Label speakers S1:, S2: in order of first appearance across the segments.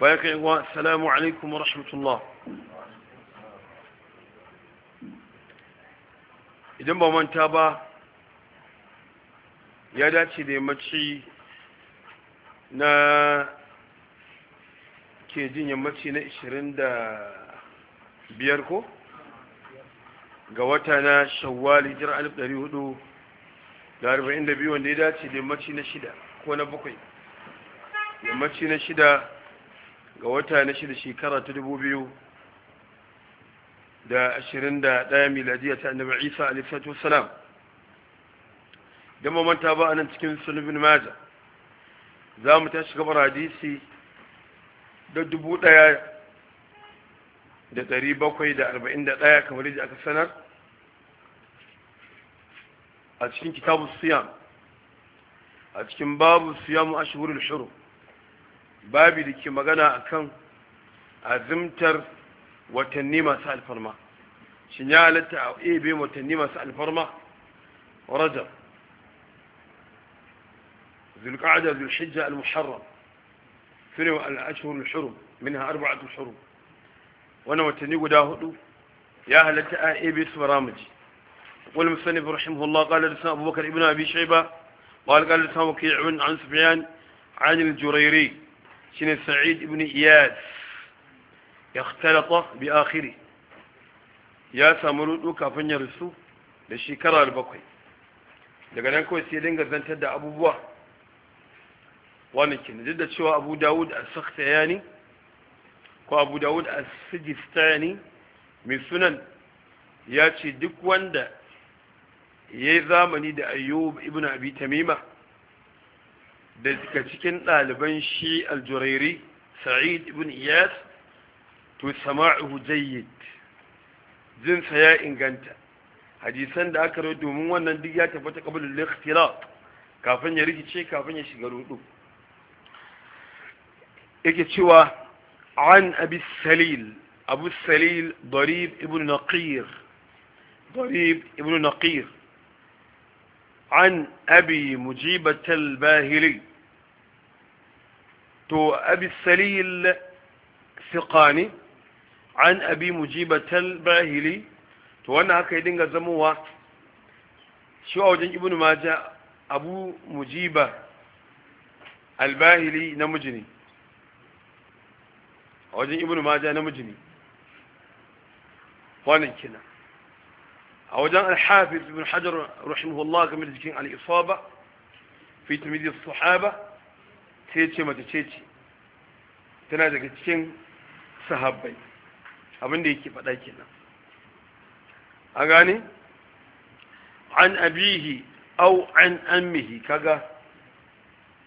S1: bayan ka yawa assalamu alaikum wa rahmatullah idan ba manta ba ya dace da yammaci na ke jin yammaci na 25 ko ga wata na shawwali jira 1400 da 42 wanda ya dace da yammaci na shida ko na bakwai yammaci na shida ga wata na shida shekara ta dubu biyu da ashirin da ɗaya miladiya ta annabi isa alifatu salam don mamanta ba a nan cikin sunubin maza za mu tashi gabar hadisi da dubu ɗaya da ɗari bakwai da arba'in da ɗaya kamar yadda aka sanar a cikin kitabun siyan, a cikin babu mu a wurin shuru babi da ke magana akan azimtar watanni masu alfarma shin ya halatta a ebe watanni masu alfarma rajab zulqa'da zulhijja al-muharram sune al-ashhur al min minha arba'atu hurum wannan watanni guda hudu ya halatta a ebe su ramaji قول المسنف رحمه الله قال لسان أبو بكر ابن أبي شيبة قال قال لسان وكيع عن سفيان عن الجريري shine sa'id ibn iyas ya talata bi akhiri ya samu rudu kafin ya rasu da shekara bakwai daga nan kawai sai dinga zantar da abubuwa wani kin duk cewa abu dawud a sakhtiyani ko abu dawud as-sijistani mai sunan ya ce duk wanda ya yi zamani da ayyub ibn abi daga cikin ɗaliban shi aljurairi sa'id ibn iyas to sama'uhu jayyid jinsa ya inganta hadisan da aka rawaito domin wannan duk ya tabbata al ikhtilat kafin ya rikice kafin ya shiga rudu yake cewa an abi salil abu salil darib ibn naqir darib ibn naqir عن أبي to الباهلي تو أبي السليل ثقاني عن أبي مجيبة الباهلي to wannan haka ya dinga zamowa shi a wajen ibn maja abu mujiba albahili namiji ne a wajen ibn maja namiji ne wannan kina a wajen alhafiz ibn hajar rahimahullah game da cikin al'isaba fi tamidiyar sahaba ce ce mata ce ce tana daga cikin sahabbai abinda yake faɗa kenan a gani an abihi au an amihi kaga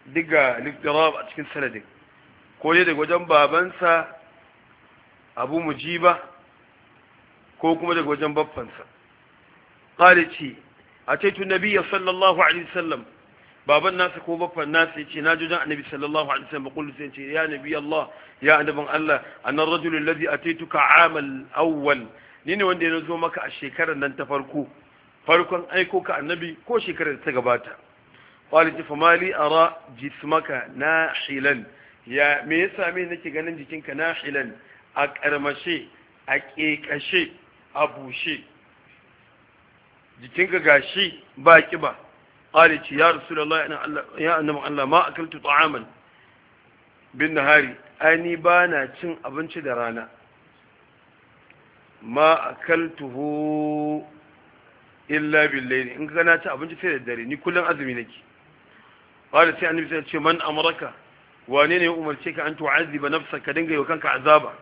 S1: diga liktirab a cikin sanadin ko dai daga wajen babansa abu mujiba ko kuma daga wajen babbansa qali ce ataitu nabiyya sallallahu alaihi wasallam baban nasa ko baban nasa yace na dan annabi sallallahu alaihi wasallam bakul sai yace ya nabi allah ya annaban allah a rajul alladhi ataituka amal awwal nini wanda ya zo maka a shekarar nan ta farko farkon aiko ka annabi ko shekarar ta gabata qali ta famali ara jismaka nahilan ya me yasa me nake ganin jikinka nahilan a karmashe a kekashe a bushe jikinka gashi ba kiba qala ci ya rasulullah ina Allah ya annabi Allah ma akaltu ta'aman bin nahari hari. ni ba na cin abinci da rana ma akaltuhu illa billayl in ka ci abinci sai da dare ni kullun azumi nake qala sai annabi sai ce man Amurka. wane ne ya umarce ka an nafsa ka dinga yau kanka azaba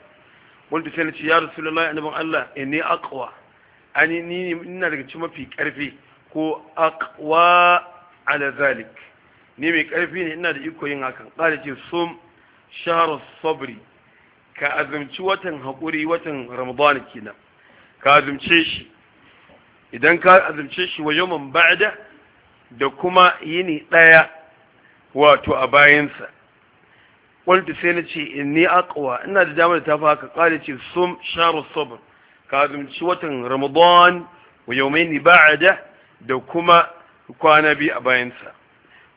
S1: wanda sai ce ya rasulullah annabi Allah inni aqwa ani ni ina daga cikin mafi karfi ko aqwa ala zalik ni mai karfi ne ina da iko yin hakan qala ce sum shahru sabri ka azumci watan hakuri watan ramadan kina ka azumce shi idan ka azumce shi wa yawman ba'da da kuma yini daya wato a bayansa qultu sai nace inni aqwa ina da damar ta fa haka qala ce sum shahru sabr kazumci watan ramadan wa yawmaini ba'da da kuma kwana biyu a bayansa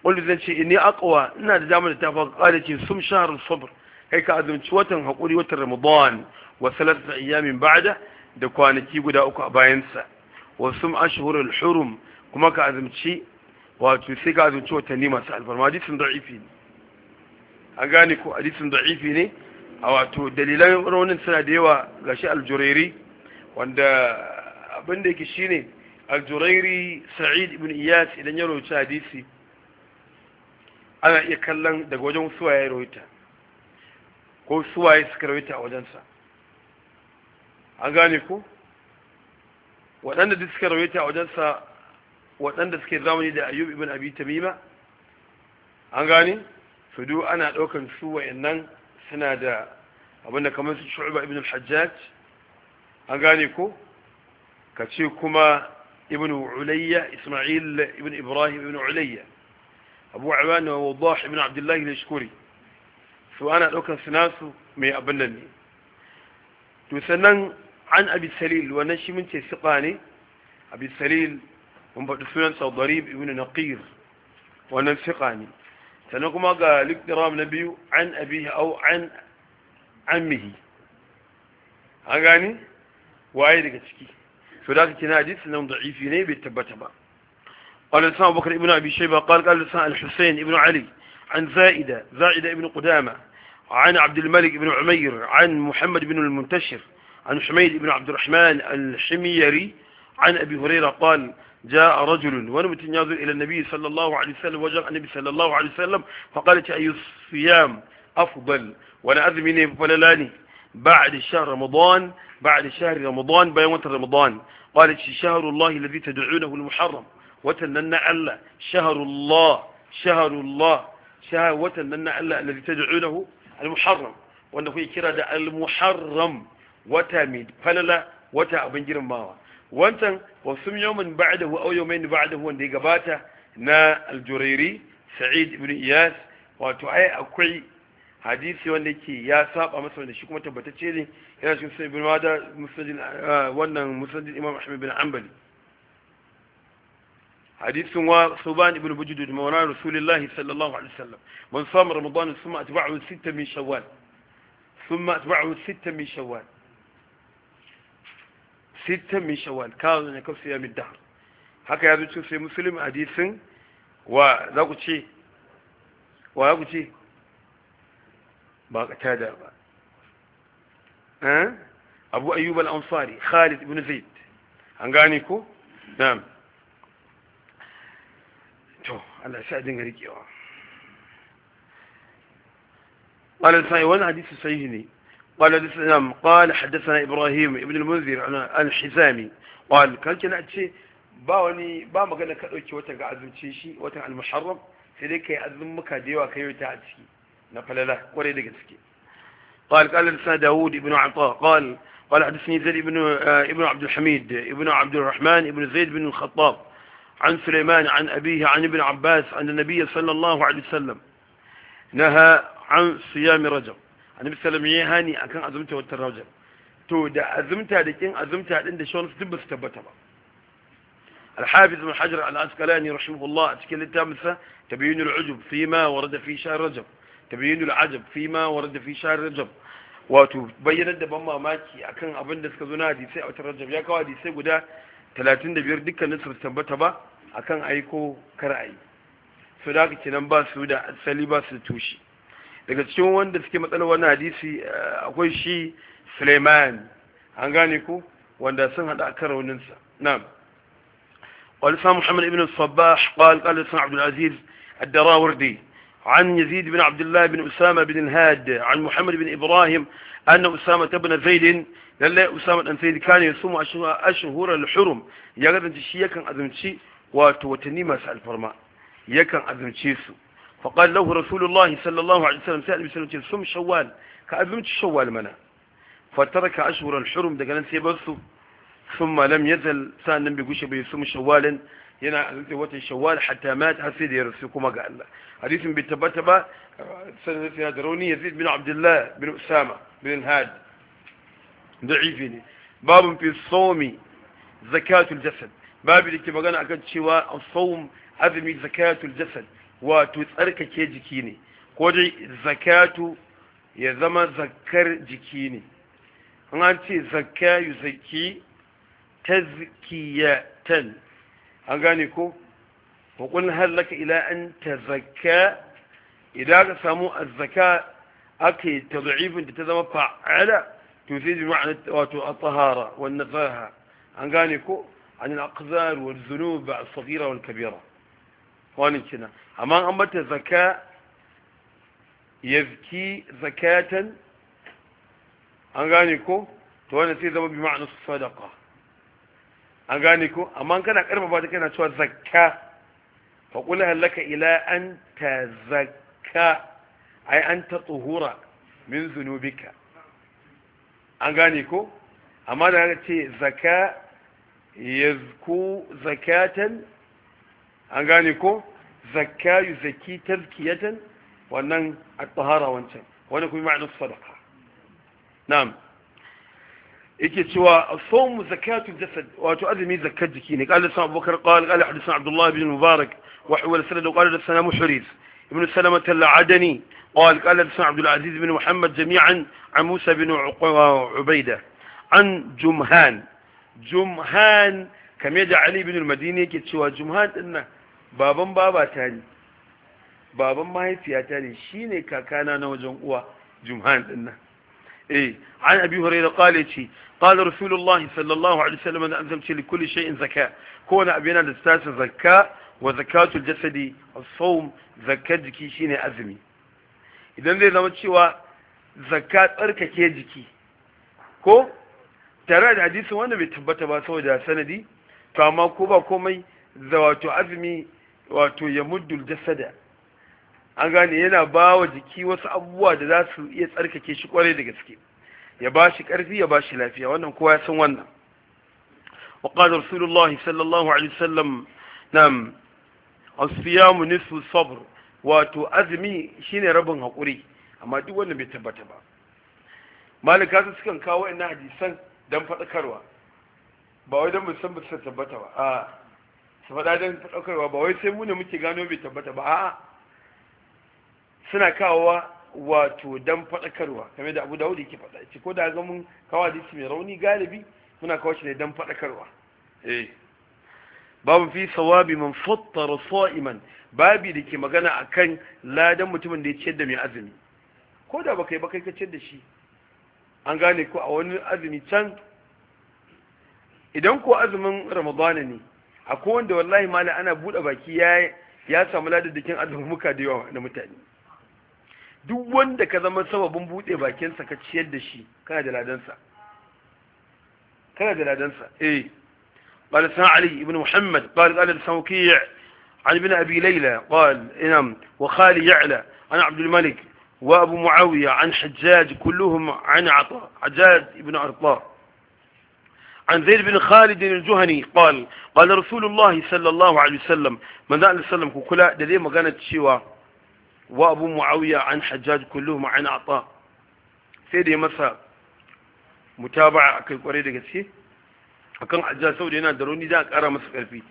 S1: wanda zan ce inni aqwa ina da damar da ta fa kada ce sum shahrus sabr kai ka azumci watan hakuri watan ramadan wa salatu ayyamin ba'da da kwanaki guda uku a bayansa wa sum ashhurul hurum kuma ka azumci wato sai ka azumci watanni masu alfarma hadisin da'ifi ne an gane ko hadisin da'ifi ne a wato dalilan raunin suna da yawa gashi aljurairi wanda abin da yake shine al-jurairi sa'id ibn iyas idan ya rawaita hadisi ana iya kallon daga wajen suwaye ya rawaita ko suwaye suka rohita a wajensa an gane ku waɗanda duk suka rohita a wajensa waɗanda suke zamani da ayyub ibn abi tamima an gane fudu ana ɗaukan su wa'annan suna da abinda kamar su shu'uba ibn al-hajjaj an gane ko ka ce kuma ibn ulayya isma'il ibn ibrahim ibn ulayya abu awan wa wadah ibn abdullah ne shukuri su ana daukar sinasu mai abin nan ne to sannan an abi salil wannan shi mun ce siqa ne abi salil mun faɗi sunan sa darib ibn naqir wannan siqa ne sannan kuma ga liktiram na biyu an abi an ammihi an gani waye daga ciki to da kake na hadisi da'ifi ne bai tabbata ba قال لسان أبو بكر ابن أبي شيبة قال قال لسان الحسين ابن علي عن زائدة زائدة ابن قدامة عن عبد الملك بن عمير عن محمد بن المنتشر عن حميد بن عبد الرحمن الحميري عن أبي هريرة قال جاء رجل ونمت ينظر إلى النبي صلى الله عليه وسلم وجاء النبي صلى الله عليه وسلم فقالت أي الصيام أفضل ولا أذمني فللاني بعد شهر رمضان بعد شهر رمضان بين وتر رمضان قالت شهر الله الذي تدعونه المحرم وتننا الله شهر الله شهر الله شهر وتننا الله الذي تدعونه المحرم kira da al wata mai falala wata abin girmawa wancan wasum yawmin ba'dahu aw yawmayn ba'dahu wanda ya gabata na al sa'id ibn iyas wato ai akwai hadisi wanda ke ya saba masa wanda shi kuma tabbatacce ne yana cikin sunan ibn mada musnadin ah, wannan musnadin imam ahmad bin hanbali hadisin wa suban ibn bujdud mawla rasulullahi sallallahu alaihi wasallam man sama ramadan thumma atba'ahu sitta min shawwal thumma atba'ahu sitta min shawwal sitta min shawwal kawo ne kafsi ya min dahr haka ya zo cikin sai muslim hadisin wa za ku ce wa ya ku ce ba qatada ba abu ayyub al-ansari khalid ibn zaid an gane ko na'am to Allah sai dinga rikewa قال الثاني وانا حديث صحيح لي قال الإسلام قال حدثنا إبراهيم ابن المنذر عن الحزامي قال كان كنا أتشي باوني با مغانا كأوكي وتنقى عزم تشيشي وتنقى المحرم سيديك يعزم مكا ديوا كيوتا أتشي نقل له وريد قسكي قال قال لنا داود بن عطاء قال قال حدثني زيد بن آه، ابن عبد الحميد ابن عبد الرحمن ابن زيد بن الخطاب عن سليمان عن أبيه عن ابن عباس أن النبي صلى الله عليه وسلم نهى عن صيام رجب النبي صلى الله عليه وسلم يهاني أكن أزمته والترجب to da azumta da kin azumta din شلون shawar duk basu tabbata ba al-hafiz ibn hajar al تبين العجب فيما ورد في شهر رجب tabayyinul ajab fi ma warada fi shahr rajab wato bayyanar da ban mamaki akan abin da suka zo na hadisai a watan rajab ya kawo hadisai guda 35 dukkanin su tabbata ba akan aiko kar ayi so da haka kenan ba su da asali ba su tushe daga cikin wanda suke matsalar wannan hadisi eh, akwai shi Suleiman an gane ko wanda sun hada akan sa na'am wal sa Muhammad ibn Sabbah qala qala sa Abdul Aziz ad عن يزيد بن عبد الله بن أسامة بن الهاد عن محمد بن إبراهيم أن أسامة بن زيد لله أسامة بن زيد كان يصوم أشهر الحرم يقدر أن تشي يكن أذمشي وتوتني ما سأل فرما يكن أذمشي سو فقال له رسول الله صلى الله عليه وسلم سأل بسنة صم شوال كأذمش شوال منا فترك أشهر الحرم دقنا سيبسو ثم لم يزل سأل نبي قشبه يصوم شوالا yana azumta watan shawwal hatta mat har sai da ya rasu kuma ga Allah hadisin bai tabbata ba sanin sai da rauni yazid bin abdullah bin usama bin had da'ifi ne babun fi sawmi zakatul jasad babu da ke magana akan cewa sawm azumi zakatul jasad wato tsarkake jiki ne ko dai zakatu ya zama zakar jiki ne an ce zakka yuzakki tazkiyatan an gane ko wa qul hal laka ila an tazakka idan ka samu azzaka ake tad'ifin da ta zama fa'ala to sai bi ma'ana wato at-tahara wan nazaha an gane ko an al-aqzar wal dhunub as-saghira wal kabira wani kina amma an bata zakka yazki zakatan an gane ko to wannan sai zama bi ma'ana sadaqa an gane ko amma kana karfafa ta kana cewa zakka fa qul halaka ila an tazakka ai an tatuhura min zunubika an gane ko amma da aka ce zaka yazku zakatan an gane ko zakka yuzaki tazkiyatan wannan at-tahara wancan wani kuma ma'anar sadaqa na'am yake cewa sawm zakatu jasad wato azumi zakkar jiki ne qala sa abubakar qala qala hadithna abdullah ibn mubarak wa huwa sanad qala hadithna muhriz ibn salamah al-adani قال قال حدثنا عبد العزيز بن محمد جميعا عن موسى بن عبيدة عن جمهان جمهان كم يدع علي بن المديني كتشوى جمهان إنه بابا بابا تاني بابا ما هي فيها تاني شيني كاكانا نوجن قوى جمهان إنه eh an abi hurairah ya ce qala rasulullahi sallallahu alaihi wasallam da anzam ce likulli shay'in zakka kowane abu yana da tsasa zakka wa zakatul jasadi as-sawm zakkar jiki shine azumi idan zai zama cewa zakka tsarkake jiki ko tare da hadisin wanda bai tabbata ba saboda sanadi to amma ko ba komai za wato azumi wato ya muddul jasada an gane yana ba wa jiki wasu abubuwa da za su iya tsarkake shi kwarai da gaske ya ba shi ƙarfi ya ba shi lafiya wannan kowa ya san wannan wa qala rasulullahi sallallahu alaihi wasallam nam as-siyam nisfu sabr wato azumi shine rabin hakuri amma duk wanda bai tabbata ba malika su sukan kawo ina hadisan dan fadakarwa ba wai dan musamman su tabbata ba a su faɗa dan fadakarwa ba wai sai mu ne muke gano bai tabbata ba a'a suna kawowa wato dan faɗakarwa kame da abu dawud yake faɗa ce ko da ga mun kawo hadisi mai rauni galibi muna kawo shi ne dan faɗakarwa eh babu fi sawabi man fattara sa'iman babi da ke magana akan ladan mutumin da ya ciyar da mai azumi ko da baka yi baka ka ciyar da shi an gane ko a wani azumi can idan ko azumin ramadana ne akwai wanda wallahi mala ana buɗe baki ya ya samu ladadakin azumuka da yawa na mutane duk wanda ka zama sababin buɗe bakinsa ka ciyar da shi kana da ladansa kana da ladansa eh قال سمع علي بن محمد قال قال السوكيع عن ابن أبي ليلى قال إنم وخالي يعلى عن عبد الملك وأبو معاوية عن حجاج كلهم عن عطاء حجاج بن عطاء عن زيد بن خالد الجهني قال قال رسول الله صلى الله عليه وسلم من ذا عليه وسلم كلا دليل ما كانت wa abu mu'awiya an hajjaj kulluhum an ata sai da ya masa mutaba'a akai kwarai da gaske akan hajjaj saboda yana da rauni za a kara masa karfi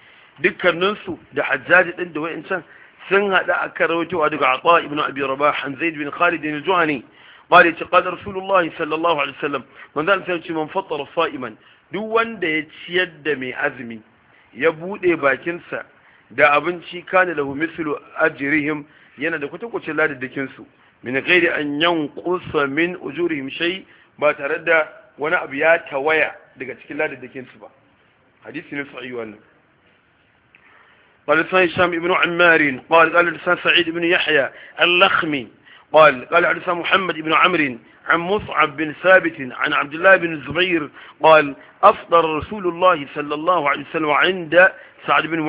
S1: dukkaninsu da hajjaj din da can sun hada akan rawaitowa daga ata ibn abi rabah han zaid bin khalid bin juhani قال قال رسول الله sallallahu alaihi wasallam man من sai سيوتي man fatara fa'iman duk wanda ya ciyar da mai azumi ya bude bakinsa da abinci kana lahu mislu ajrihim yana da kutukucin ladaddakin su min gairi an yanqusa min ujurihim shay ba tare da wani abu ya tawaya daga cikin ladaddakin su ba hadisi ne sahihi wannan قال لسان هشام بن عمار قال قال لسان سعيد بن يحيى اللخمي قال قال لسان محمد بن عمرو عن مصعب بن ثابت عن عبد الله بن الزبير قال أفطر رسول الله صلى الله عليه وسلم عند سعد بن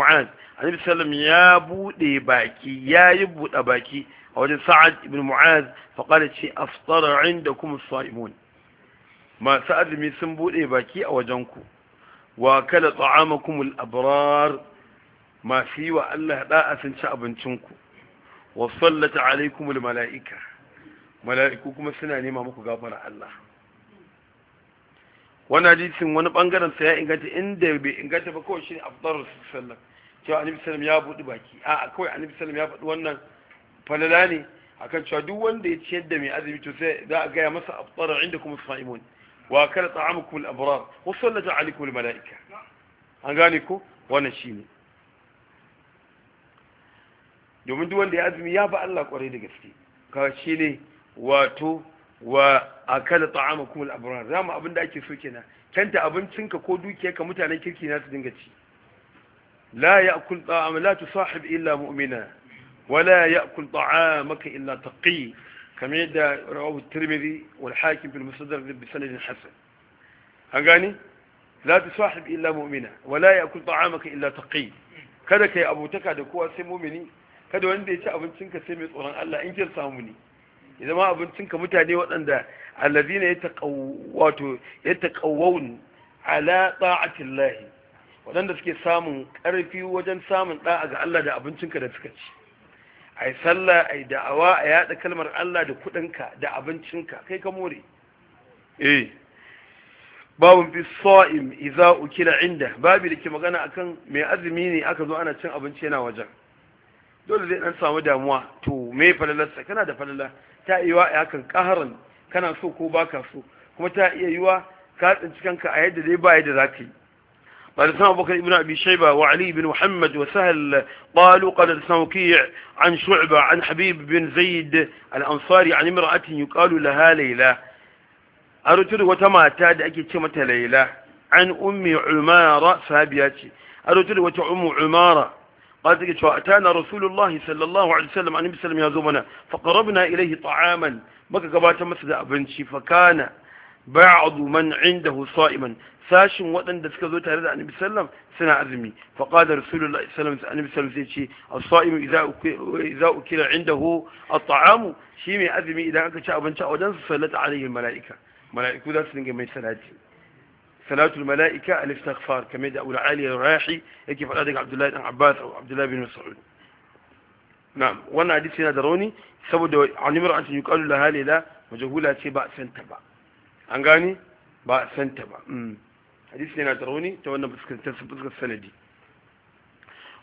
S1: annabi sallam ya bude baki ya yi bude baki a wajen sa'ad ibn mu'az fa qala ce aftara indakum as-sa'imun masu azumi sun bude baki a wajen ku wa kala ta'amakum al-abrar masu yi wa Allah da'a sun ci abincin ku wa sallata alaikum al-mala'ika mala'iku kuma suna nema muku gafara Allah wani hadisin wani bangaren sa ya inganta inda bai inganta ba kawai shine afdarus sallallahu cewa annabi sallam ya budi baki a kawai annabi sallam ya faɗi wannan falala ne akan cewa duk wanda ya ciyar da mai azumi to sai za a gaya masa afṭara inda kuma saimun wa akala ta'amukum al-abrar wa sallata alaykum al-mala'ika an gane ko wannan shine domin duk wanda ya azumi ya ba Allah kwarai da gaske kawai shine wato wa akala ta'amukum al-abrar zama abinda ake so kenan kanta abincinka ko dukiyarka mutanen kirki na su dinga ci لا يأكل طعام لا تصاحب إلا مؤمنا ولا يأكل طعامك إلا تقي كما يدى رواه الترمذي والحاكم في المستدرك بسند حسن هنغاني لا تصاحب إلا مؤمنا ولا يأكل طعامك إلا تقي kada kai abotaka da kowa sai mumini kada wanda ya ci abincinka sai mai tsoron Allah in kin samu ne idan ma abincinka mutane waɗanda allazina yataqawwatu yataqawwun ala ta'atillahi waɗanda suke samun ƙarfi wajen samun ɗa'a ga Allah da abincinka da suka ci a yi sallah a yi da'awa a yaɗa kalmar Allah da kuɗinka da abincinka kai ka more eh babun fi sa'im ukila inda babu da ke magana akan mai azumi ne aka zo ana cin abinci yana wajen dole zai dan samu damuwa to me falalarsa kana da falala ta iya a hakan ƙaharan kana so ko baka so kuma ta iya yiwa ka tsinci kanka a yadda dai ba yadda za ka yi قال أبو بكر ابن أبي شيبة وعلي بن محمد وسهل قالوا قال وكيع عن شعبة عن حبيب بن زيد الأنصاري عن امرأة يقال لها ليلى أرتد وتماتا تاد أكي تمت ليلى عن أم عمارة صحابياتي وت وتأم عمارة قالت لك أتانا رسول الله صلى الله عليه وسلم عن النبي صلى الله عليه وسلم يا زمنا فقربنا إليه طعاما بك قبات مسد أبنشي فكان ba'adu man indahu sa'iman sashin waɗanda suka zo tare da annabi sallam suna azumi fa qala rasulullahi sallam annabi sallam sai ce as-sa'imu idza ukila indahu at-ta'amu shi mai azumi idan aka ci abinci a wajen su sallata alaihi malaika malaiku za su dinga mai salati salatul malaika al-istighfar kamar da Abu Ali al-Rahi yake faɗa daga Abdullahi dan Abbas ko Abdullahi bin Mas'ud na'am wannan hadisi yana da rauni saboda an imra'atin yuqalu laha layla majhula ce ba san ta ba an gani ba a santa ba mm. hadisi yana tarauni ta wannan fuskar sanadi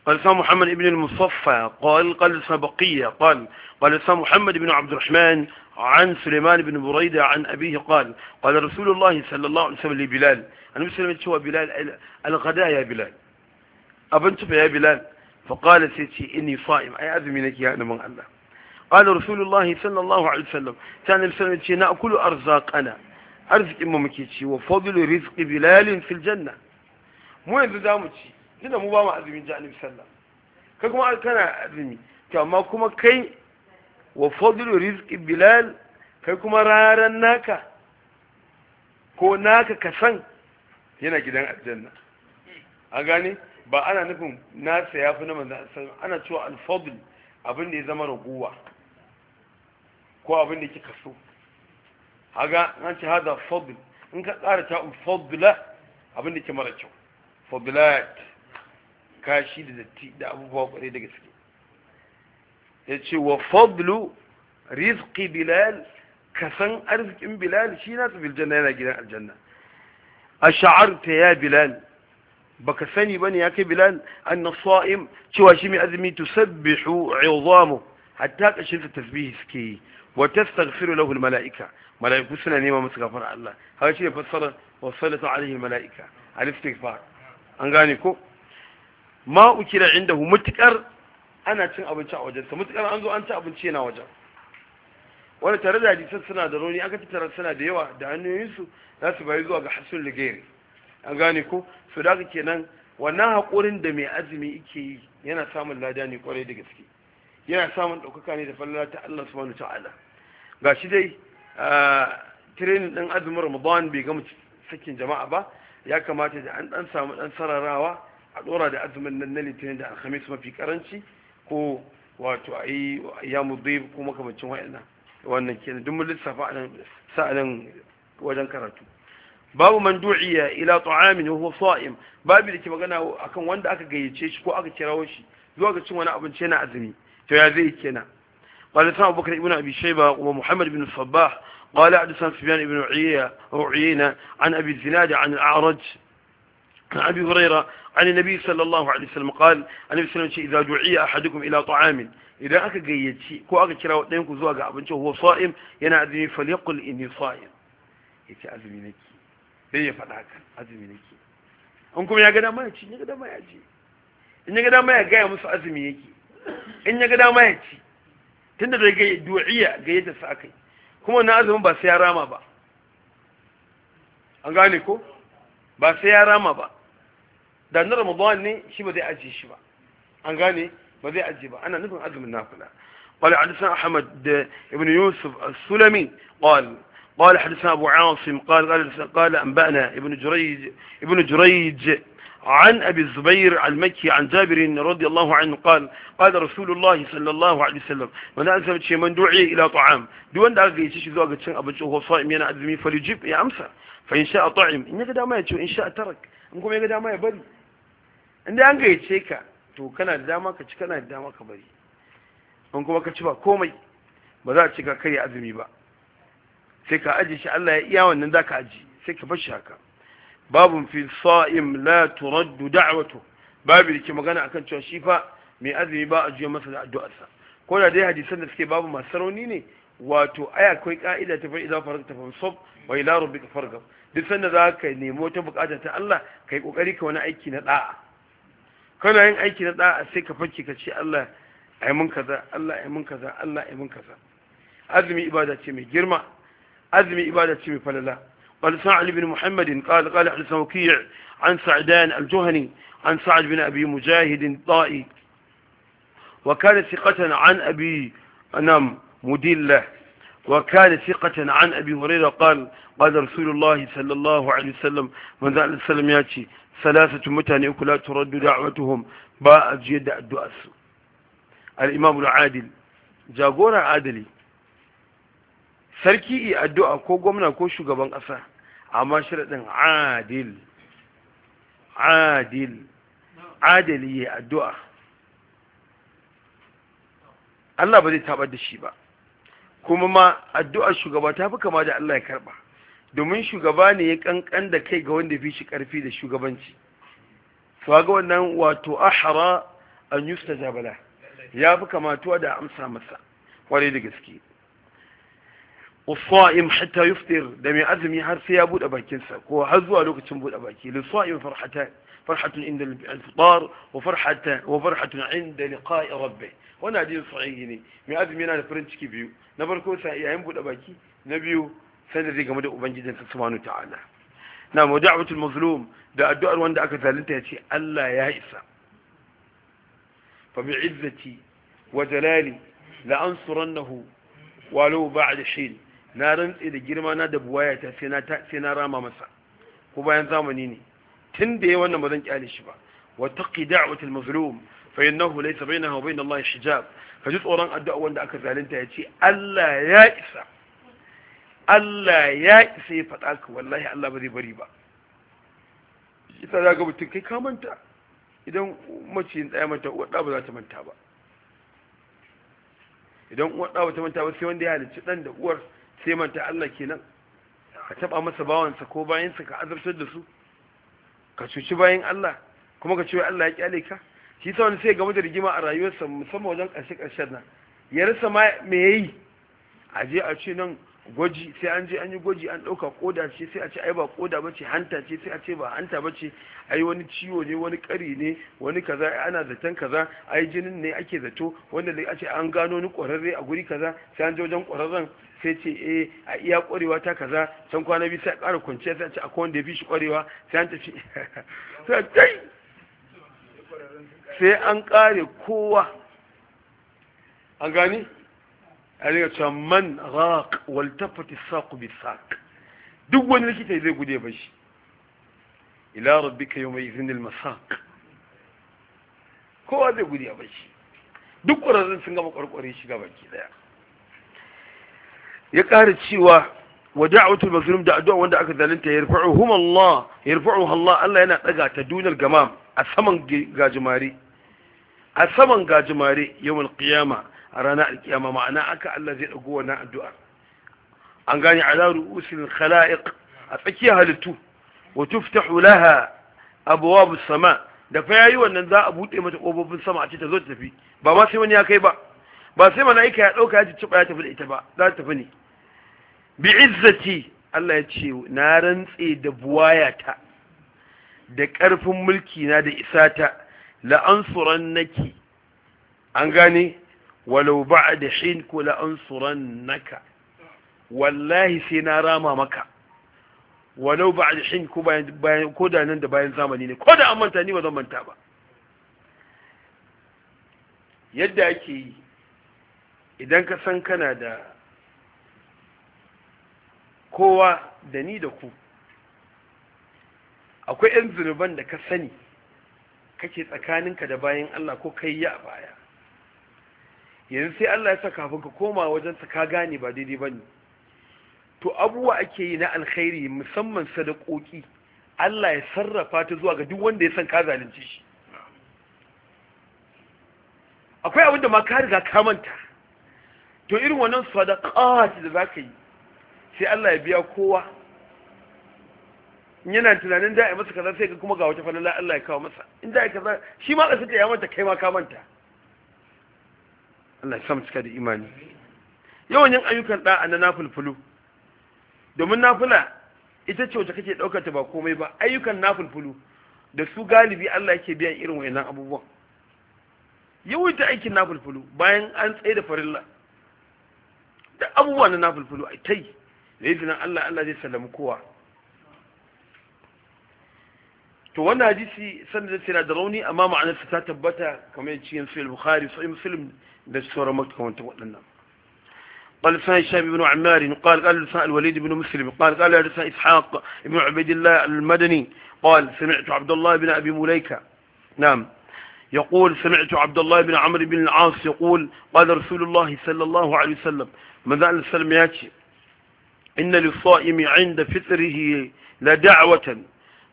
S1: قال سام محمد بن المصفى قال قال اسمه بقية قال قال سام محمد بن عبد الرحمن عن سليمان بن بريدة عن أبيه قال قال رسول الله صلى الله عليه وسلم لبلال أنا مسلم هو بلال الغداء يا بلال أبنتم يا بلال فقال سيتي إني صائم أي أذن منك يا أنا الله قال رسول الله صلى الله عليه وسلم كان مسلم نأكل أرزاقنا arzikin mu muke ci wa fadlu rizqi bilalin fil janna mu yanzu za mu ci tunda mu ba mu azumin sallah kai kuma kana azumi to amma kuma kai wa fadlu rizqi bilal kai kuma raran naka ko naka ka san yana gidan aljanna a gane ba ana nufin nasa ya fi na manzan ana cewa alfadl abin da ya zama raguwa ko abin da kika so aga an ce hada fadl in ka tsara ta um fadla abin da ke mara kyau fadlat kashi da datti da abubuwa kwarai da gaske ya ce wa fadlu rizqi bilal kasan arzikin bilal shi na tsibir aljanna yana gidan aljanna a ta ya bilal baka sani bane ya kai bilal na so'im cewa shi mai azumi tusabbihu 'idhamuhu hatta kashin ta tasbihi suke yi wa tastaghfiru lahu almalaiika malaiku suna nema masa gafara Allah har shi ne fassara wa sallatu alaihi almalaiika alistighfar an gane ko ma ukira indahu mutakar ana cin abinci a wajensa mutakar an zo an ci abinci yana wajen wani tare da hadisan suna da rauni aka tattara suna da yawa da hanyoyinsu za su bayi zuwa ga hasul ligeri an gane ko so da kenan wannan haƙurin da mai azumi yake yi yana samun lada ne kwarai da gaske yana samun ɗaukaka ne da falala ta Allah subhanahu ta'ala ga shi dai tirenin din azumin ramadan bai gama sakin jama'a ba ya kamata da an ɗan samu ɗan sararawa a ɗora da azumin nan na litinin da alhamis mafi karanci ko wato a yi ya mudu ko makamacin wa'ina wannan kenan duk lissafa a nan wajen karatu babu man du'iya ila ta'amin wa huwa sa'im babu da ke magana akan wanda aka gayyace shi ko aka kirawo shi zuwa ga cin wani abinci yana azumi to ya zai kenan قال سمع بكر ابن أبي شيبة ومحمد بن الصباح قال حدثنا سفيان بن عيينة عن أبي الزناد عن الأعرج عن أبي هريرة عن النبي صلى الله عليه وسلم قال النبي صلى الله عليه وسلم إذا دعي أحدكم إلى طعام إذا أكا شيء كو أكا كو نينكو أبن شو هو صائم ينعذني فليقل إني صائم يتي أزمي نكي ليه فنعك أزمي نكي أنكم يا قدام ما يجي يا قدام ما يجي إن قدام ما يجي يا مسو أزمي يكي in ya ga dama ya ci tunda da ga du'iya ga yadda sa akai kuma na azumin ba sai ya rama ba an gane ko ba sai ya rama ba da na ramadan ne shi ba zai aje shi ba an gane ba zai aje ba ana nufin azumin nafila قال حدثنا أحمد بن يوسف السلمي قال قال حدثنا أبو عاصم قال قال قال أنبأنا ابن جريج ابن جريج عن أبي الزبير المكي عن جابر رضي الله عنه قال قال رسول الله صلى الله عليه وسلم من أنسى شيء من دعي إلى طعام دون دعك يشيش ذو أقد شن أبجه هو صائم ينا أدمي فليجيب يا أمسى فإن شاء طعم إن يقدر ما يتشو إن شاء ترك أمكم يقدر ما يبري إن دعك يتشيك تو كان الدامة كان الدامة كبري أمكم كتشبه كومي بذات شكا كري أدمي با سيكا أجي شاء الله يا ونن أجي سيكا بشاكا Babu fi sa'im la turaddu da'watu babu da ke magana akan cewa shi fa mai azumi ba a juya masa da addu'arsa ko da dai hadisan da suke babu masu ne wato aya akwai ka'ida ta fa'iza farka ta famsob wa ila rabbika fargab duk sanda za ka nemo ta bukata ta Allah kai kokari ka wani aiki na da'a kana yin aiki na da'a sai ka fanki ka ce Allah ai mun kaza Allah ai mun kaza Allah ai mun kaza azumi ibada ce mai girma azumi ibada ce mai falala قال سعد بن محمد قال قال حدثنا وكيع عن سعدان الجهني عن سعد بن أبي مجاهد الطائي وكان ثقة عن أبي نعم مدلة وكان ثقة عن أبي هريرة قال قال رسول الله صلى الله عليه وسلم من ذا السلام ياتي ثلاثة متن لا ترد دعوتهم باء جيد الدؤس الإمام العادل جاغور عادلي sarki yi addu'a ko gwamna ko shugaban ƙasa amma sharaɗin adil adil adil yi addu'a Allah ba zai taɓar da shi ba kuma ma addu'ar shugaba ta fi kama da Allah ya karɓa domin shugaba ne ya ƙanƙan da kai ga wanda fi shi ƙarfi da shugabanci Su ga wannan wato ahara an yusta jabala ya fi kamatuwa da amsa masa kwarai da gaske والصائم حتى يفطر دم يعزم har sai ya bude bakinsa sa ko har zuwa lokacin bude baki lil sa'im farhatan farhatun inda al-iftar wa farhatan wa farhatun inda liqa'i rabbih wannan hadisi sahihi ne mai azumi yana da farin ciki biyu na farko sai yayin bude baki na biyu sai da zai game da ubangijin sa subhanahu ta'ala na mu da'watul mazlum da addu'ar wanda aka zalunta Allah ya isa fa wa jalali la ansurannahu walau ba'da shin na rantse da girma na da buwaya ta sai na rama masa ko bayan zamani ne tun da ya wannan ba zan kyale shi ba wa taqi da'watul mazlum fa innahu laysa bainahu wa bain Allah hijab fa ji tsoron addu'a wanda aka zalunta ya ce Allah ya isa Allah ya isa ya fada ka wallahi Allah ba zai bari ba ita da ga mutum kai ka manta idan mace tsaya mata uwar ba za ta manta ba idan uwar ba ta manta ba sai wanda ya halicci dan da uwar sai manta Allah kenan ka taba masa bawansa ko bayansa ka azabtar da su ka cuci bayan Allah kuma ka cewa Allah ya kyale ka shi sai wani sai game da rigima a rayuwarsa musamman wajen ƙarshe ƙarshen nan ya rasa ma me yayi a je a ce nan gwaji sai an je an yi gwaji an ɗauka koda ce sai a ce ai ba koda ba ce hanta ce sai a ce ba hanta ba ce ai wani ciwo ne wani ƙari ne wani kaza ana zaton kaza ai jinin ne ake zato wanda da a ce an gano ni ƙwararre a guri kaza sai an je wajen ƙwararren sai ce eh a iya kwarewa ta kaza can kwana biyu sai ƙara kwanciya sai ce akwai wanda ya fi shi kwarewa sai an tafi sai an ƙare kowa an gani a riga cewa man raq wal tafati saq bi saq duk wani likita zai gude ba shi ila rabbika yawma mai al masaq kowa zai gude ba shi duk ƙwararren sun gama ƙwarƙware shiga baki ɗaya. daya ya ƙara cewa wa da'watul mazlum da addu'a wanda aka zalunta yarfa'uhum Allah yarfa'uha Allah Allah yana daga ta dunar gama a saman gajimare a saman gajimare yawan qiyama a ranar alkiyama ma'ana aka Allah zai dago wannan addu'a an gane ala ru'usil khala'iq a tsakiyar halittu wa tuftahu laha abwabus sama da fa yayi wannan za a bude mata kofofin sama a ce ta zo ta tafi ba ma sai wani ya kai ba ba sai ika ya ɗauka ya ci ba ya tafi da ita ba za ta tafi ne bi izzati Allah ya ce na rantse da buwayata da ƙarfin mulki na da isata la'ansuran naki an gane walau ba da shin ko la'ansuran naka wallahi sai na rama maka walau ba da shin ko bayan ko da nan da bayan zamani ne ko da an manta ni ba zan manta ba yadda ake yi idan ka san kana da kowa da ni da ku akwai 'yan zunuban da ka sani kake tsakaninka da bayan Allah ko kai yi baya yanzu sai Allah ya sa kafin ka koma wajensa ka gane ba daidai ba ne to abubuwa ake yi na alkhairi musamman sadakoki Allah ya sarrafa ta zuwa ga duk wanda ya san ka zalunce shi akwai abin da ma ka riga ka manta to irin wannan sadaqat da zaka yi sai Allah ya biya kowa yana tunanin da yi masa kaza sai kuma ga wata falala Allah ya kawo masa in da ya kaza shi ma kasance ya manta kai ma ka manta Allah ya samu cika da imani yawan yin ayyukan da'a na nafulfulu domin nafula ita ce wacce kake daukar ta ba komai ba ayyukan nafulfulu da su galibi Allah yake biyan irin wayannan abubuwan yawaita aikin nafulfulu bayan an tsaye da farilla da abubuwa na nafulfulu a ta yi da izinin Allah Allah zai sallami kowa to wannan hadisi sanda da tsira da rauni amma ma'anarsa ta tabbata kamar yace yin sahih bukhari sahih muslim da sauran makamantan waɗannan قال لسان هشام بن عمار قال قال لسان الوليد بن مسلم قال قال لسان إسحاق بن عبيد الله المدني قال سمعت عبد الله بن أبي مليكة نعم يقول سمعت عبد الله بن عمرو بن العاص يقول قال رسول الله صلى الله عليه وسلم ماذا عليه وسلم ياتي إن للصائم عند فطره لدعوة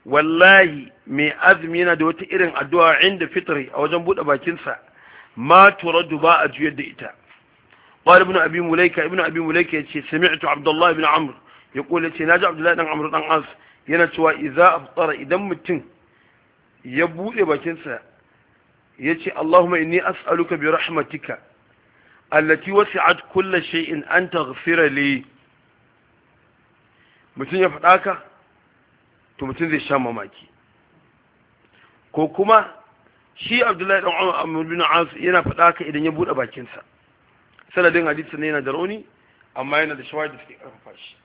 S1: wallahi mai azumi yana da wata irin addu'a inda fitri a wajen buɗe bakinsa ma turadu ba a juyar da ita qala ibn abi mulaika ibn abi mulaika yace sami'tu abdullah ibn amr yaqul yace naji abdullah dan amr dan as yana cewa idza aftara idan mutum ya buɗe bakinsa يتي اللهم إني أسألك برحمتك التي وسعت كل شيء أن تغفر لي متن يفتاك تمتن ذي الشام ماكي كوكما شي عبد الله عمر بن عاص ينا فتاك إذا يبود أبا كنسا سلا دين عديد سنة دروني أما ينا شوائد في أرفاش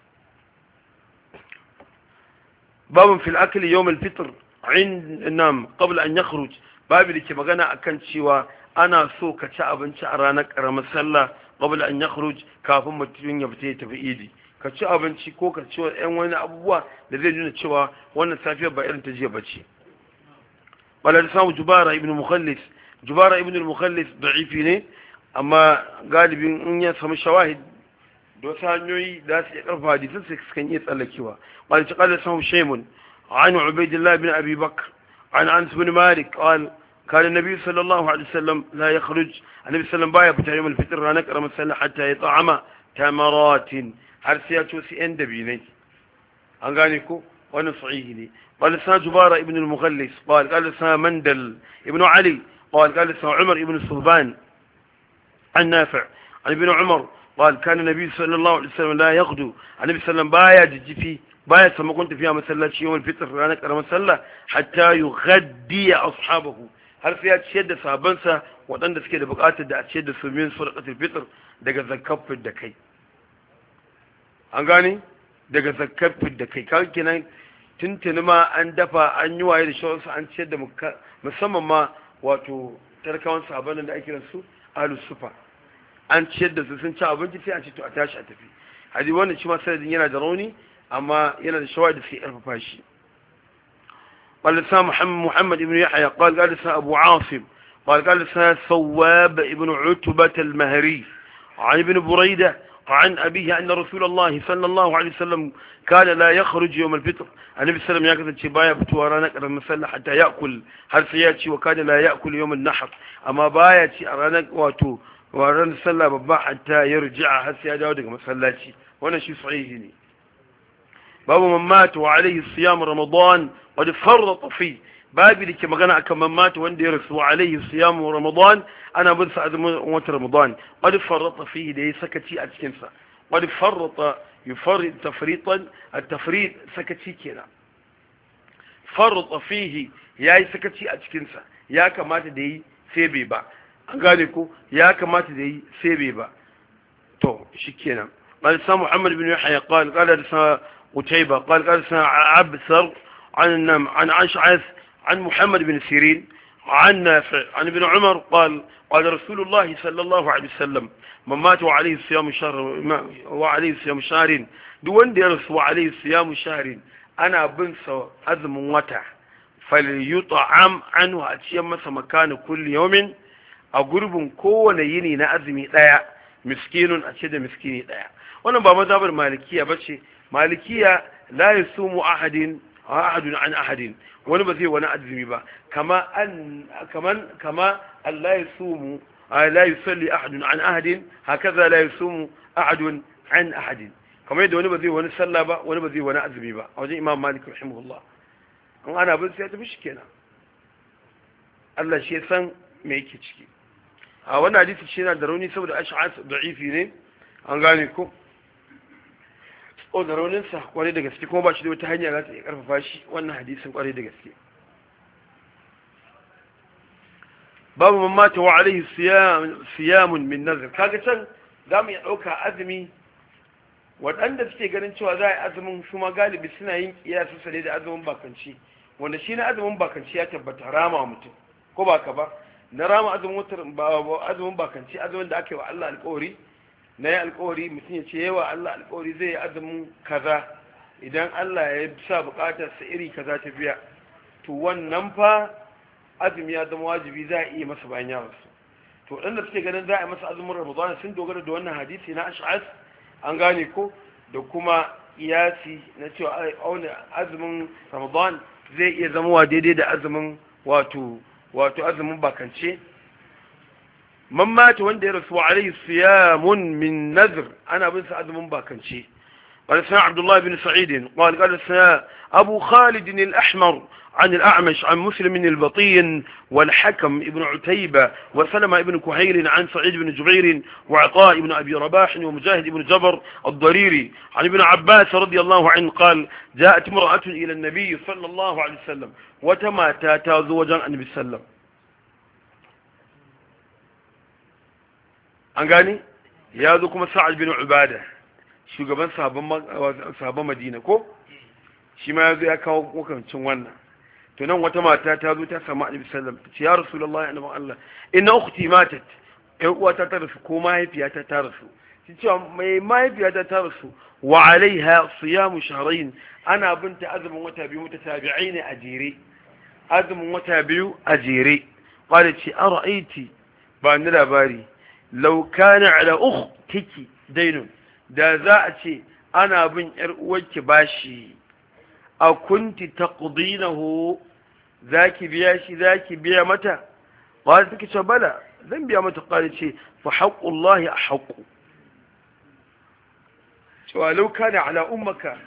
S1: باب في الأكل يوم الفطر عند نام قبل أن يخرج babu da ke magana akan cewa ana so ka ci abinci a ranar ƙaramar sallah ƙabula an yakhruj kafin mutum ya fita ya tafi idi ka ci abinci ko ka ci yan wani abubuwa da zai nuna cewa wannan safiyar ba irin ta jiya bace balar samu jubara ibn mukhallis jubara ibn mukhallis da'ifi ne amma galibin in ya samu shawahid da wasu hanyoyi da su iya karfa hadisan su kan iya tsallakewa qala qala samu shaymun an ubaydillah ibn abi bakr an anas ibn malik كان النبي صلى الله عليه وسلم لا يخرج النبي صلى الله عليه وسلم باية يوم الفطر رانك رمسل حتى يطعم تمرات har sai ya ci wasu 'yan قال لسنا جبارة ابن المغلس قال قال لسنا مندل ابن علي قال قال لسنا عمر ابن الصلبان عن نافع عن ابن عمر قال كان النبي صلى الله عليه وسلم لا يغدو النبي صلى الله عليه وسلم بايا جدي فيه بايا سما كنت فيها مسلة يوم الفطر أنا كرم مسلة حتى يغدي أصحابه har sai ya ciyar da sabansa waɗanda suke da buƙatar da a ciyar da su min sadaqatul fitr daga zakafin da kai an gane daga zakafin da kai kan nan tuntuni ma an dafa an yi waye da shawarsu an ciyar da musamman ma wato tarkawan sabon da ake rasu alu sufa an ciyar da su sun ci abinci sai a ce to a tashi a tafi hadi wannan shi ma sanadin yana da rauni amma yana da shawara da sai ƙarfafa shi قال لسان محمد بن يحيى قال قال لسان أبو عاصم قال قال لسان ثواب بن عتبة المهري عن ابن بريدة عن أبيه أن رسول الله صلى الله عليه وسلم كان لا يخرج يوم الفطر النبي صلى الله عليه وسلم يأكل بايا بتوارانا حتى يأكل هل سياتي وكان لا يأكل يوم النحر أما بايا أرانا واتو ورانا سلا ببا حتى يرجع هل سياتي ودك مسلاتي وانا شي صحيح باب من مات وعليه الصيام رمضان qad farrata fi babu da ke magana akan man mata wanda ya rasu alaihi siyamu ramadan ana bin sa azumin wata ramadan qad farrata fi da ya sakaci a cikinsa sa qad farrata yufarrid tafritan at-tafrid sakaci kenan farrata fihi yayi sakaci a cikinsa ya kamata da yi sai bai ba an gane ko ya kamata da yi sai bai ba to shikenan قال سمع محمد بن يحيى قال قال قتيبة قال قال abisar. عن عن أشعث عن محمد بن سيرين عن نافع عن ابن عمر قال قال رسول الله صلى الله عليه وسلم من مات وعليه صيام شهر وعليه صيام شهر duk wanda ya rasu alaihi ana bin sa azumin wata falyut'am anhu a ciyan masa makana kulli yawmin a gurbin kowane yini na azumi ɗaya. miskinun a da miskini ɗaya. wannan ba mazhabar malikiya bace malikiya la yasumu ahadin ahadun an ahadin wani ba zai wani azumi ba kama an kaman kama Allah ya sumu la yusalli ahadun an ahadin hakaza la yusumu ahadun an ahadin kamar yadda wani ba zai wani sallah ba wani ba zai wani azumi ba a wajen Imam Malik rahimahullah an ana bin sai ta bi shikenan Allah shi san me yake ciki a wannan hadisi shi yana da rauni saboda ash'as da'ifi ne an gane ko o da rauninsa kwarai da gaske kuma ba shi da wata hanya za ta iya karfafa shi wannan hadisin kwarai da gaske babu mamata wa alaihi siyamun min nazar kaga can za mu iya ɗauka azumi waɗanda suke ganin cewa za a yi azumin su ma galibi suna yin su sare da azumin bakanci wanda shi na azumin bakanci ya tabbata rama mutum ko ba ka ba na rama azumin bakanci azumin da aka yi wa Allah alƙawari na yi alkawari mutum ya ce yawa Allah alkawari zai yi azumin kaza idan Allah ya sa bukatar sa iri kaza ta biya to wannan fa azumi ya zama wajibi za a iya masa bayan ya wasu to dan da suke ganin za a yi masa azumin ramadana sun dogara da wannan hadisi na ash'as an gane ko da kuma iyasi na cewa auna azumin ramadan zai iya zama wa daidai da azumin wato wato azumin bakance man mata wanda ya rasu alaihi siyamun min nazr ana bin sa azumin bakance قال سنا عبد الله بن سعيد قال قال سنا أبو خالد الأحمر عن الأعمش عن مسلم البطين والحكم ابن عتيبة وسلمة ابن كحير عن سعيد بن جبير وعطاء ابن أبي رباح ومجاهد ابن جبر الضريري عن ابن عباس رضي الله عنه قال جاءت امرأة إلى النبي صلى الله عليه وسلم وتماتا تازوجا النبي صلى الله عليه وسلم an gani ya zo kuma sa'ad bin ubada shugaban sahabban madina ko shi ma ya zo ya kawo kokancin wannan to nan wata mata ta zo ta samu annabi sallam ta ce ya rasulullahi annabi Allah inna ukhti matat ƴan uwata ta rasu ko mahaifiyata ta rasu Shi ce mai mahaifiyata ta rasu wa alaiha siyamu shahrayn ana binta azumin wata biyu mutatabi'ai ne a jere azumin wata biyu a jere qala ce ara'aiti ba ni labari laukana ala uku tiki dainun da za a ce ana bin yaruwarki uwarki bashi a kunti ta ƙudinahu za ki biya shi za ki biya mata ba ki ce bala zan biya mata ƙwari ce fa haƙullahi a haƙu cewa laukana ala ummaka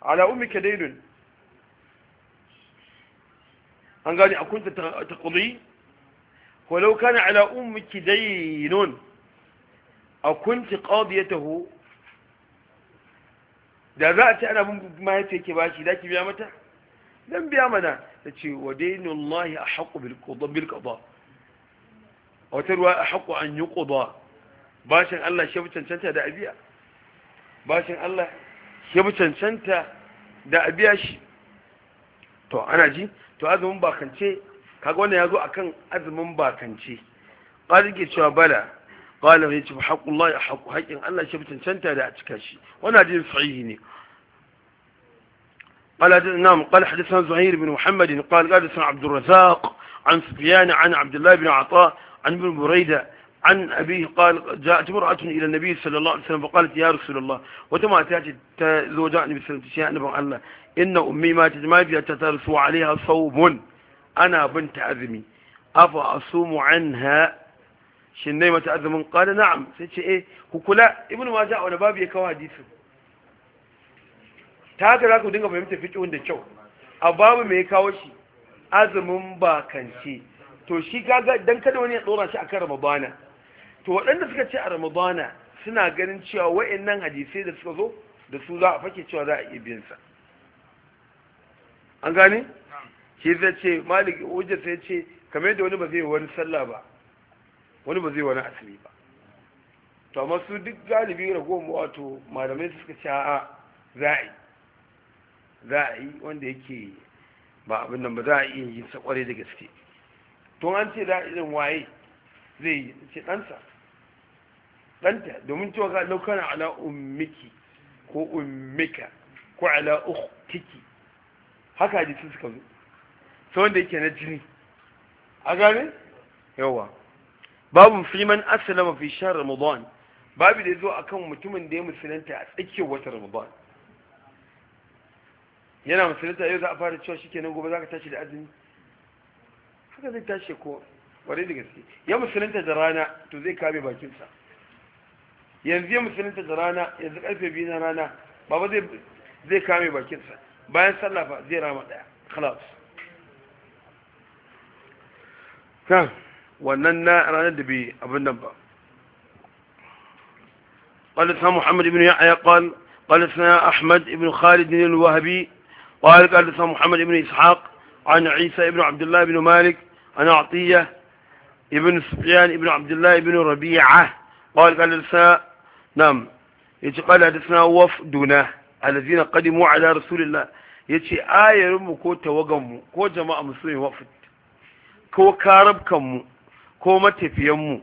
S1: ala ummika dainun an gani a kunta ta ƙudi walau kana ala ummiki daynun a kunti qadiyatahu da za a ci ana bin mahaifiyar ke bashi da ki biya mata dan biya mana ta ce wa dainullahi a haƙo bil ƙaba a wata ruwa a haƙo an yi ƙaba bashin Allah shi cancanta da abiya bashin Allah shi cancanta da abiya shi to ana ji to azumin bakance kaga wannan ya zo akan azumin bakanci ƙwari ke cewa bala ƙwala mai ce haƙullah ya haƙu haƙin allah shi cancanta da a cika shi wani hadin sahihi ne قال نعم قال حدثنا زهير بن محمد قال قال حدثنا عبد الرزاق عن سفيان عن عبد الله بن عطاء عن ابن بريدة عن أبيه قال جاءت مرأة إلى النبي صلى الله عليه وسلم فقالت يا رسول الله وتما تأتي زوجاء النبي صلى الله عليه وسلم إن أمي ماتت ما فيها تترسو عليها صوب ana bin ta azumi afa asumu anha shin nai mata azumin qala na'am sai ce eh ku kula ibnu majah wani babu ya kawo hadisin ta haka za ku dinga fahimta fiqhun da kyau a babu mai kawo shi azumin bakance to shi kaga dan kada wani ya dora shi akan ramadana to waɗanda suka ce a ramadana suna ganin cewa wayannan hadisai da suka zo da su za a fake cewa za a iya biyan sa an gane shi zai ce malik hujjar sai ce kamar yadda wani ba zai wani sallah ba wani ba zai wani asali ba to amma su duk galibi ragowar wato malamai suka ce a za a yi za a yi wanda yake ba abin nan ba za a yin sa kwarai da gaske to an ce za a waye zai yi ce ɗansa ɗanta domin cewa ga laukana ala ummiki ko ummika ko ala ukhtiki haka sun suka zo sai wanda yake na jini a gane yawa babu fiman asala fi shan ramadan babu da zo a kan mutumin da ya musulunta a tsakiyar wata ramadan yana musulunta yau za a fara cewa nan gobe za ka tashi da azumi haka zai tashi ko wadai da gaske ya musulunta da rana to zai kame bakinsa yanzu ya musulunta da rana yanzu karfe biyu na rana baba zai kame bakinsa bayan sallafa zai rama daya khalas can wannan na ranar da abin nan ba قال اسمه محمد بن يحيى قال قال اسمه أحمد بن خالد بن الوهبي قال قال اسمه محمد بن إسحاق عن عيسى بن عبد الله بن مالك عن عطية بن سفيان بن عبد الله بن ربيعة قال قال سيدنا نعم قال حدثنا وفدنا الذين قدموا على رسول الله يتي ايه ko توغم كو جماعه مسلمين وفد ko karabkanmu ko matafiyanmu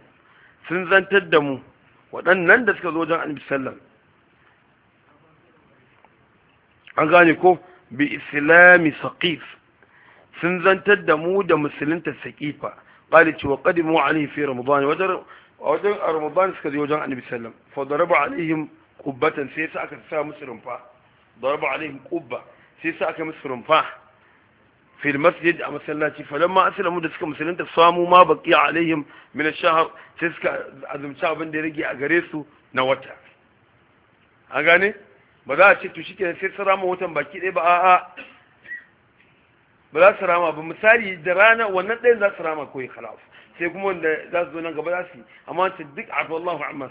S1: sun zantar da mu waɗannan da suka zo wajen annabi sallam an gane ko bi islami saqif sun zantar da mu da musulunta saqifa qali cewa qadimu alayhi fi ramadan wajen wajen ramadan suka zo wajen annabi sallam fa daraba alaihim qubbatan sai sa aka sa musu rumfa daraba alaihim qubba sai sa aka musu rumfa fil masjid a masallaci falamma aslamu da suka musulunta samu ma baqiya alaihim min ash-shahr sai suka azumci abin ya rage a gare su na wata an gane ba za a ce to shikenan sai su watan baki ɗaya ba a'a ba za su rama ba misali da rana wannan ɗayan za su rama koyi khalaf sai kuma wanda za su zo nan gaba za su yi amma ta duk abu Allahu amma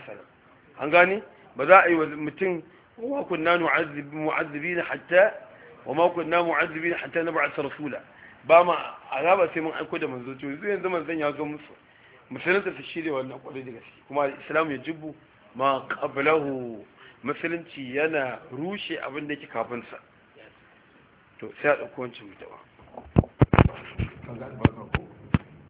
S1: an gane ba za a yi wa mutum wa kunna nu'azzib mu'azzibina hatta wa ma kunna mu'azzibin hatta nab'ath rasula ba ma azaba sai mun aiko da manzo to yanzu yanzu manzon ya zo musu musulun da shi ne wannan kwarai da gaske kuma islam ya jibbu ma qablahu musulunci yana rushe abinda da yake kafin sa to sai a dauko wancan mutawa